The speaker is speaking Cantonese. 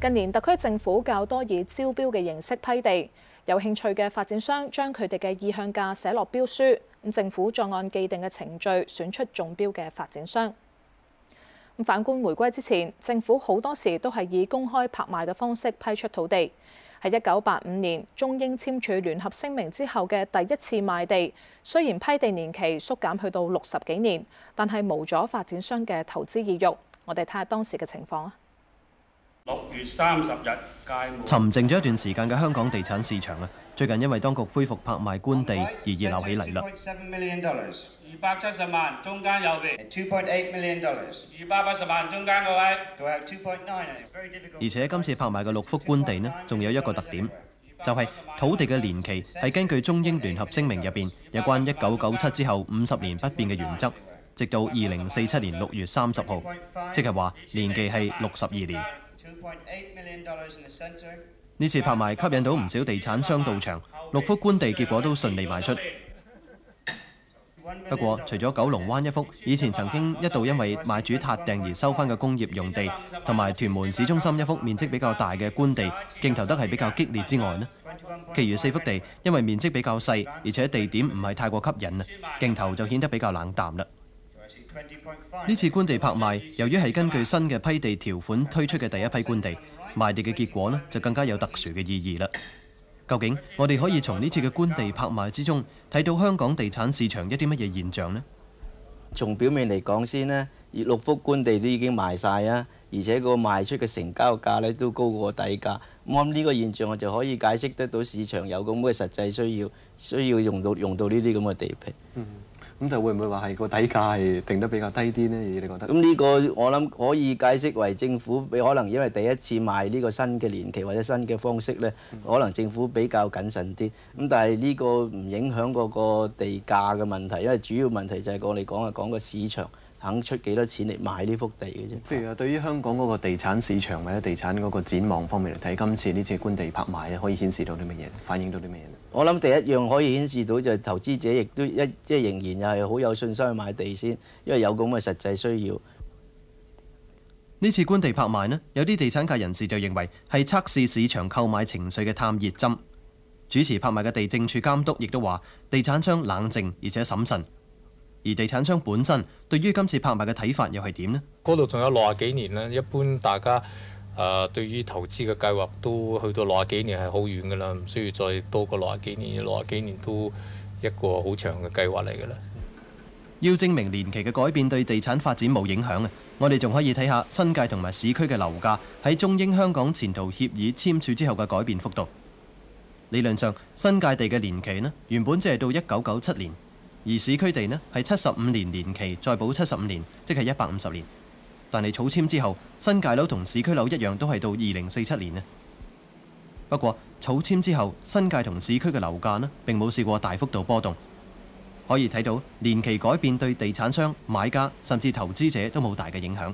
近年，特區政府較多以招標嘅形式批地，有興趣嘅發展商將佢哋嘅意向價寫落標書，咁政府再按既定嘅程序選出中標嘅發展商。咁反觀回歸之前，政府好多時都係以公開拍賣嘅方式批出土地。喺一九八五年中英簽署聯合聲明之後嘅第一次賣地，雖然批地年期縮減去到六十幾年，但係無阻發展商嘅投資意欲。我哋睇下當時嘅情況啊！六月三十日，沉靜咗一段時間嘅香港地產市場啊，最近因為當局恢復拍賣官地而熱鬧起嚟啦。二百七十萬中間右邊，二百八十萬中間嗰位，而且今次拍賣嘅六幅官地呢，仲有一個特點，就係土地嘅年期係根據中英聯合聲明入邊有關一九九七之後五十年不變嘅原則，直到二零四七年六月三十號，即係話年期係六十二年。呢次拍賣吸引到唔少地產商到場，六幅官地結果都順利賣出。不過，除咗九龍灣一幅以前曾經一度因為買主塌訂而收翻嘅工業用地，同埋屯門市中心一幅面積比較大嘅官地，競投得係比較激烈之外呢，其餘四幅地因為面積比較細，而且地點唔係太過吸引啊，競投就顯得比較冷淡啦。呢次官地拍賣，由於係根據新嘅批地條款推出嘅第一批官地，賣地嘅結果呢就更加有特殊嘅意義啦。究竟我哋可以從呢次嘅官地拍賣之中睇到香港地產市場一啲乜嘢現象呢？從表面嚟講先呢，六幅官地都已經賣晒啊，而且個賣出嘅成交價呢都高過底價。咁呢個現象我就可以解釋得到，市場有咁嘅實際需要，需要用到用到呢啲咁嘅地皮。嗯咁就會唔會話係個底價係定得比較低啲呢？你覺得？咁呢個我諗可以解釋為政府可能因為第一次賣呢個新嘅年期或者新嘅方式咧、嗯，可能政府比較謹慎啲。咁但係呢個唔影響嗰個地價嘅問題，因為主要問題就係我哋講啊講個市場。肯出幾多錢嚟買呢幅地嘅啫？譬如話，對於香港嗰個地產市場或者地產嗰個展望方面嚟睇，今次呢次官地拍賣咧，可以顯示到啲乜嘢？反映到啲乜嘢咧？我諗第一樣可以顯示到就係投資者亦都一即係仍然又係好有信心去買地先，因為有咁嘅實際需要。呢次官地拍賣呢，有啲地產界人士就認為係測試市場購買情緒嘅探熱針。主持拍賣嘅地政處監督亦都話，地產商冷靜而且審慎。而地產商本身對於今次拍賣嘅睇法又係點呢？嗰度仲有六十幾年呢？一般大家誒、呃、對於投資嘅計劃都去到六十幾年係好遠噶啦，唔需要再多過六十幾年，六十幾年都一個好長嘅計劃嚟噶啦。要證明年期嘅改變對地產發展冇影響啊！我哋仲可以睇下新界同埋市區嘅樓價喺中英香港前途協議簽署之後嘅改變幅度。理論上，新界地嘅年期呢原本只係到一九九七年。而市區地呢係七十五年年期，再補七十五年，即係一百五十年。但係草簽之後，新界樓同市區樓一樣，都係到二零四七年啊。不過草簽之後，新界同市區嘅樓價呢並冇試過大幅度波動。可以睇到年期改變對地產商、買家甚至投資者都冇大嘅影響。